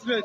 straight.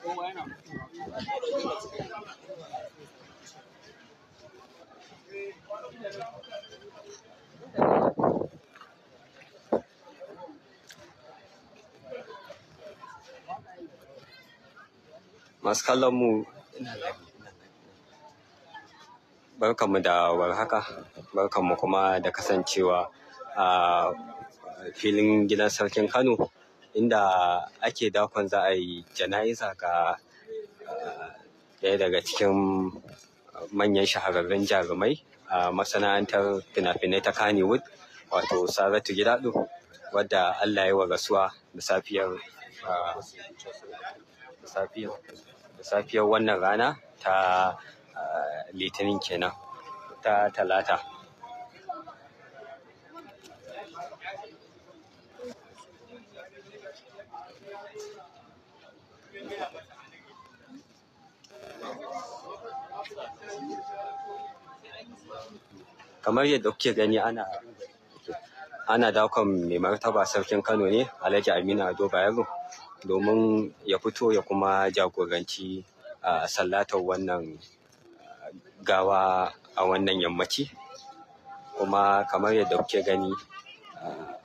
masu kallon mu barkanmu da warhaka barkanmu kuma da kasancewa a filin gidan sarkin kano inda ake dakon za a yi jana'iza ga ah, ɗaya daga cikin manyan shahararrun jarumai a masana'antar finafinai ta Kannywood wato Saratu Gidado wadda Allah ya wa rasuwa ah, da safiyar da safiyar wannan rana ta ah, litinin kenan ta talata kamar yadda kuke gani ana ana dakon mai martaba sarkin kano ne alhaji aminu ado bayero domin ya fito ya kuma jagoranci a sallatar wannan gawa a wannan yammaci kuma kamar yadda kuke gani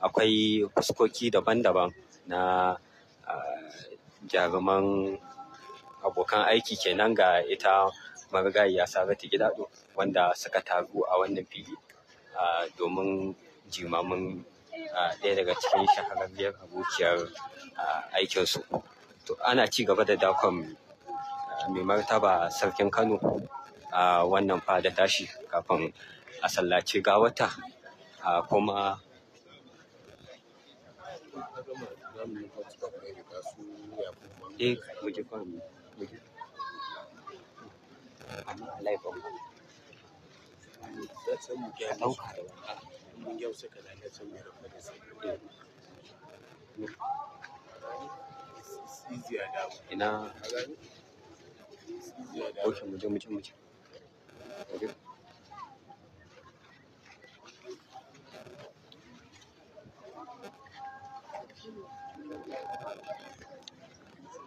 akwai fuskoki daban-daban na jaruman abokan aiki kenan ga ita Marigayi ya ta ta gidado wanda suka taru a wannan fili domin jimamin ɗaya daga cikin shahararriyar abokiyar aikinsu to ana ci gaba da dakon mai martaba sarkin kano a wannan fada tashi kafin a sallaci gawata kuma đi buổi chiều con buổi chiều ama level ɗauka mun yau suka lalace mai rufe da sai ina ko shi mu je mu je mu je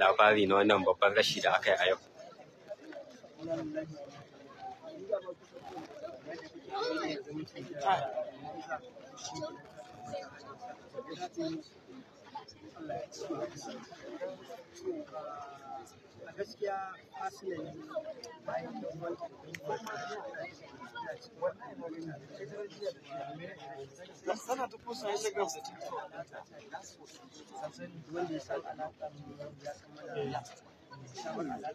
labari na wannan babban rashi da aka yi a yau Thank you. Allah ya ci wa a da da sana ta kusa ya shiga su wanda ya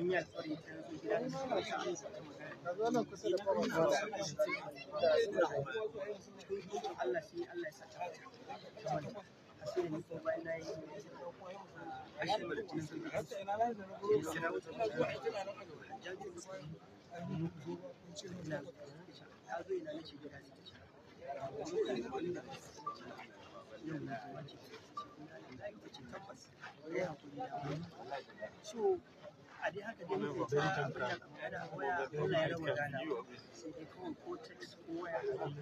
mun yi ta zo gida da a ya sa Allah shi Allah ya saka ashe ni ko yi na wuce ya ji ba ina ya zo ina nace gida ne yau na da so a dai haka ta waya sai ko a dai muke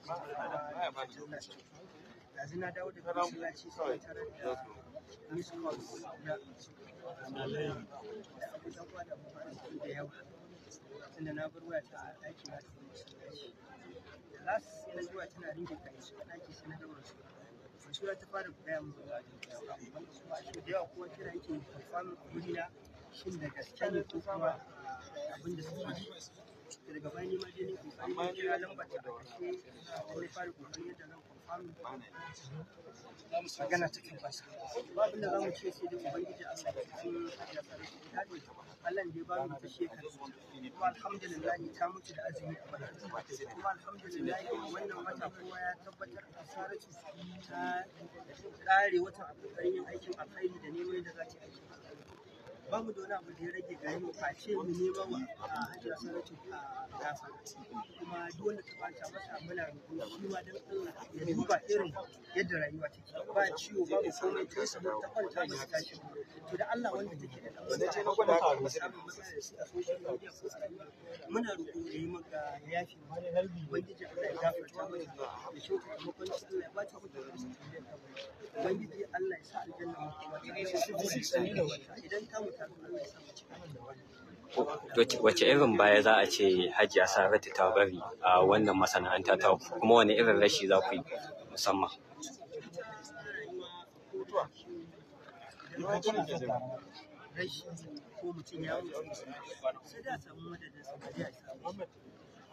ta ba yanzu na dawo da miss calls na da abubuwa da abubuwa da yawa tunda na bar waya ta aiki na ta da last sai na zuwa tana ringe ta ɗaki sai na daura su Mashuwa ta fara gaya mu da yawa kuma kira yake famin wurina shin da gaske ne ko kuma abin da suke ji daga baya nima je ne kokari ne kira lamba ta ƙarshe da na fara kokari yadda zan kwamfamu magana ta tabbata babu da za mu ce sai dai ubangiji a sai cikin da fara da dade Allah ne ba mu ta shekara kuma alhamdulillah ta mutu da azumi a bana kuma alhamdulillah wannan wata kowa ya tabbatar da sarati ta kare watan a yin aikin alkhairi da neman da za ta yi aikin ba mu da wani abu da ya rage gare mu face mu nema wa ah, hajjar sarautu a ah, gasa kuma duk wanda ta bata masa muna rubu shi ma dan Allah ya duba irin yadda rayuwa take ba ciwo ba mu komai to su ta kwanta mu tashi to da Allah wanda take da wanda ce na gwada ka musu a social media ko muna rubu da yi maka yafi wani halbi wanda ke Allah ya gafarta mana da shi ta kuma kwanci Allah ya bata mu da wani ubangiji Allah ya sa aljanna mu kuma idan ta mutu Wace irin baya za a ce Hajiya Saratu ta bari a wannan masana'anta ta kuma wani irin rashi za ku yi musamman? ko mutum ya wuce sai da samu madadin sa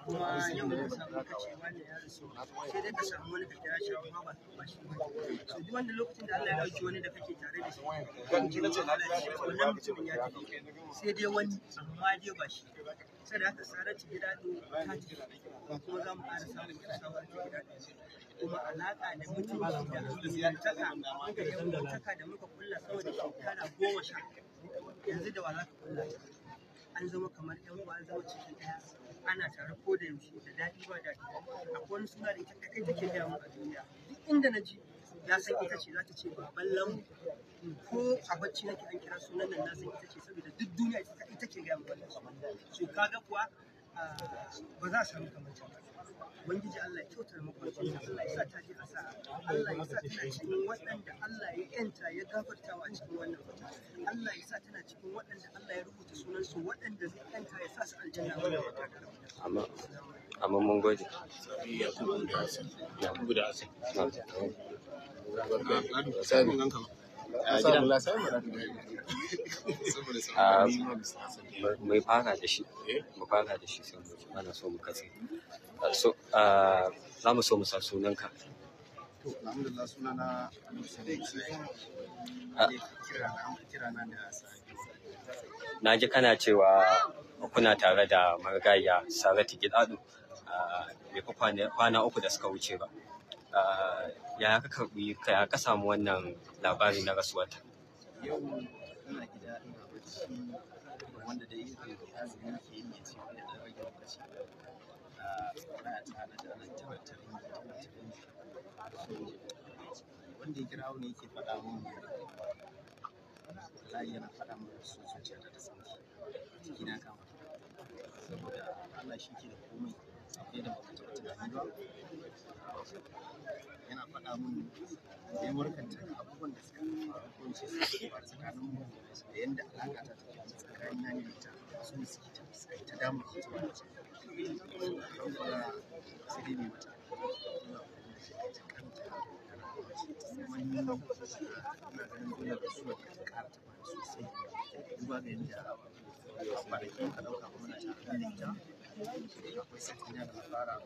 kuma yau da samu ka ce wani ya rasu sai dai ka samu wani ka kira shi amma ba ba shi ba so duk wanda lokacin da Allah ya dauki wani da kake tare da shi kan ji mutum Allah ya ce wannan mutumin ya tafi sai dai wani amma dai ba shi sai da aka sarar ta gida to ta ci ba kuma za mu ƙara samun kyakkyawar ta gida kuma alaƙa da mutunci da zantaka da yamutaka da muka kulla sama da shekara goma sha yanzu da wa za ka kulla an zama kamar yan uwa an zama cikin ɗaya ana tare ko da yaushe da daɗi ba daɗi akwai wani suna da ita kaɗai take gaya mun a duniya duk inda na ji na san ita ce za ta ce baban lamu ko a bacci nake an kira sunan nan na san ita ce saboda duk duniya ita take gaya mun wannan so kaga kuwa ah, ba za a samu kamar ta ba ubangiji Allah ya kyautar makwancin Allah ya sa ta ji asa Allah ya sa tana cikin waɗanda Allah ya yanta ya gafarta wa a cikin wannan wata Allah ya sa tana cikin waɗanda Allah ya rubuta sunansu waɗanda zai yanta ya sa su aljanna wanda ya takara amma amma mun gode yakubu da hasan yakubu da hasan Ah, mai fara da shi eh? mu fara da shi sai mana so mu katse ah, so ah, za mu so mu sa sunanka to alhamdulillah sunana na ji kana cewa kuna tare da marigayya saratu gidado bai kwana uku da suka wuce ba Ah, ya ka karbi kaya ka samu wannan labari na rasuwarta yau gida wanda azumi ke ya kira ne yake faɗa mun wallahi yana faɗa mun su zuciya ta sauki na kama saboda Allah shi ke da komai akwai da baka taɓa tunani ba yana faɗa mun ya warkanta da abubuwan da suka faru ko ce tsakanin mu da yanda alaƙa ta take tsakanin na ne ta so su ta sai ta damu ki zuwa da ce alhamdulillah sai dai mai mata kuma ni ina ganin dole da suwa ta ƙara ta bani sosai duba ga yanda kwanakin ka ɗauka kuma na ta hannun ta akwai sakin da na fara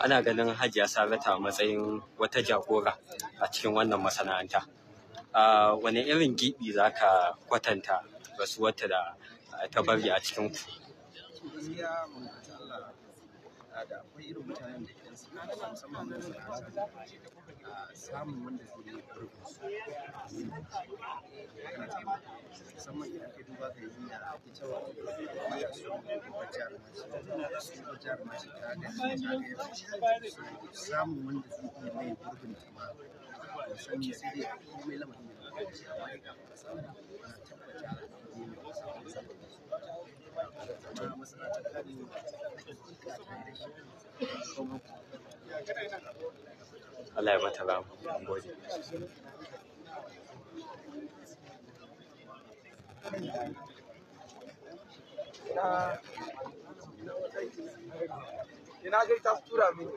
ana ganin hajiya sarata a matsayin wata jagora a cikin wannan masana'anta wani irin gibi za ka kwatanta wata da ta bari a cikin ku samun wanda zai yi gurbin su musamman idan ka duba ga yadda ake cewa wanda su kuma jarumaci kuma jarumaci ta da shi samun wanda zai mai gurbin ta ma sai dai lamarin da ba ka ci amma idan ka samu tabbata ne mai samun sabbin su masana ta ne da shi kuma Allah ya mata rama gode ina ga ta tura mini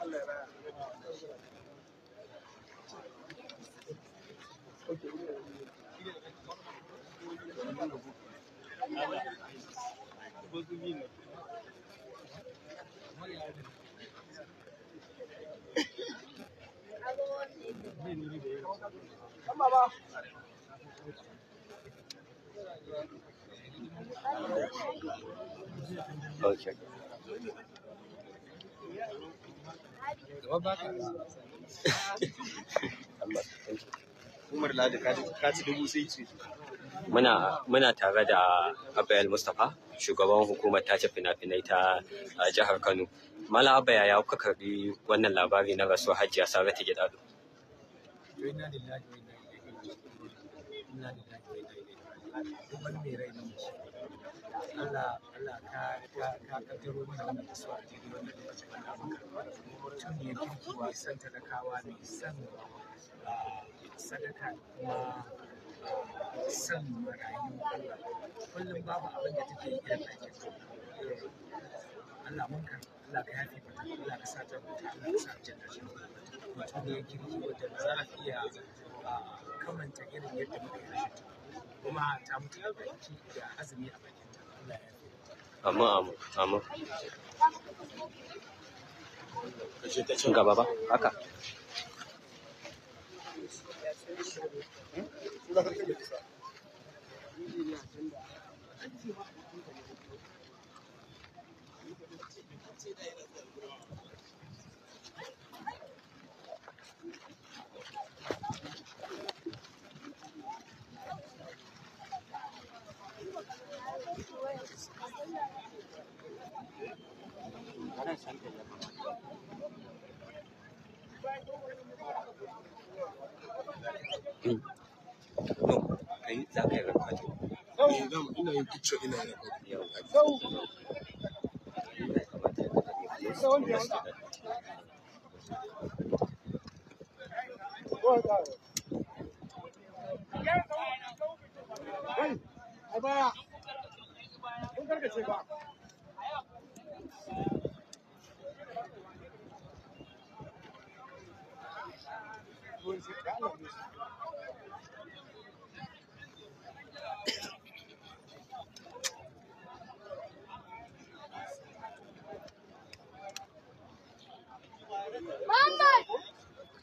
Allah ya Thank you. Muna tare da Abayal Mustapha shugaban hukumar tace fina-finai ta uh, jihar Kano. Mala Abaya ya kuka karbi wannan labari na rasuwar Hajiya Saratu Gidado. to inna lillahi wa inna ilaihi raji'un inna lillahi wa inna ilaihi raji'un wani mai rai ne shi Allah Allah ka ka ka kaddaro mana wannan kasuwa a cikin wannan lokacin da muka mutum ne kirki mai san talakawa mai san ah, sadaka kuma ah, san marayu kullum babu abin da take yi irin aikin Allah mun kan Allah ka yafe mata Allah ka sa ta Allah ka sa ta mutum ne kirki wadda za a iya kamanta irin yadda muka yi shi kuma ta mutu da azumi a amma amma gaba ba haka Thank you. no kai za ka yi rafa ne zan ina yin kicce ina yin rafa Hey, hey,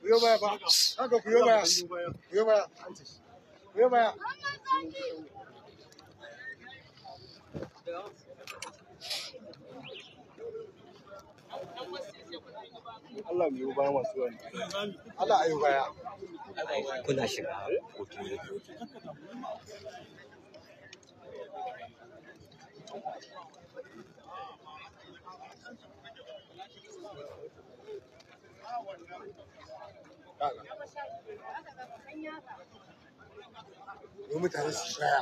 Wheelman, bak. Kanka wheelman. Wheelman. Wheelman. Wheelman. Allah mai baya masu wani. Allah ayu baya. Kuna shiga ne. Yau mutane su shaya.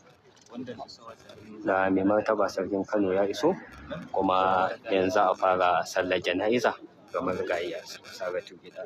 na mai martaba sarkin kano ya iso kuma yanzu a fara sallar jana'iza ga marigayi a Saratu gida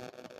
Thank you.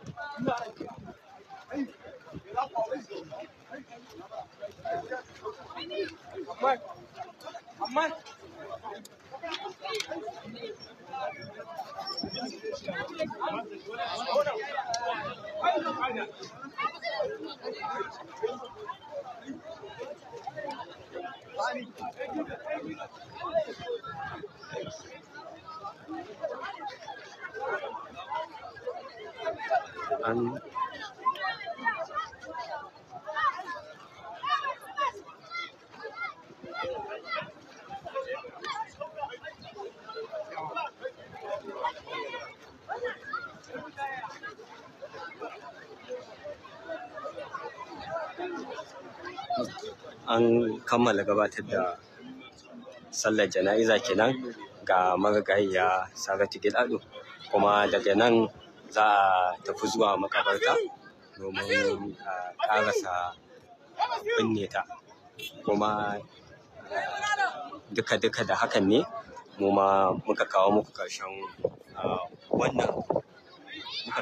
an kammala gabatar da sallar jana'iza kenan ga marigayiya saratu gidado kuma daga nan za a tafi zuwa makabarta domin a karasa binne ta kuma duka-duka eh, da hakan ne mu ma muka kawo muku ah, muka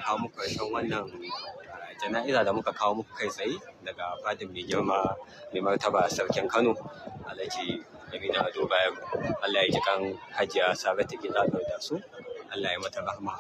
kawo muku ƙarshen wannan jana'iza da muka kawo muku kai tsaye daga fadin mai girma mai martaba sarkin kano alhaji amina ado bayan allah ya ji kan hajiya saratu gida da su allah ya mata rahma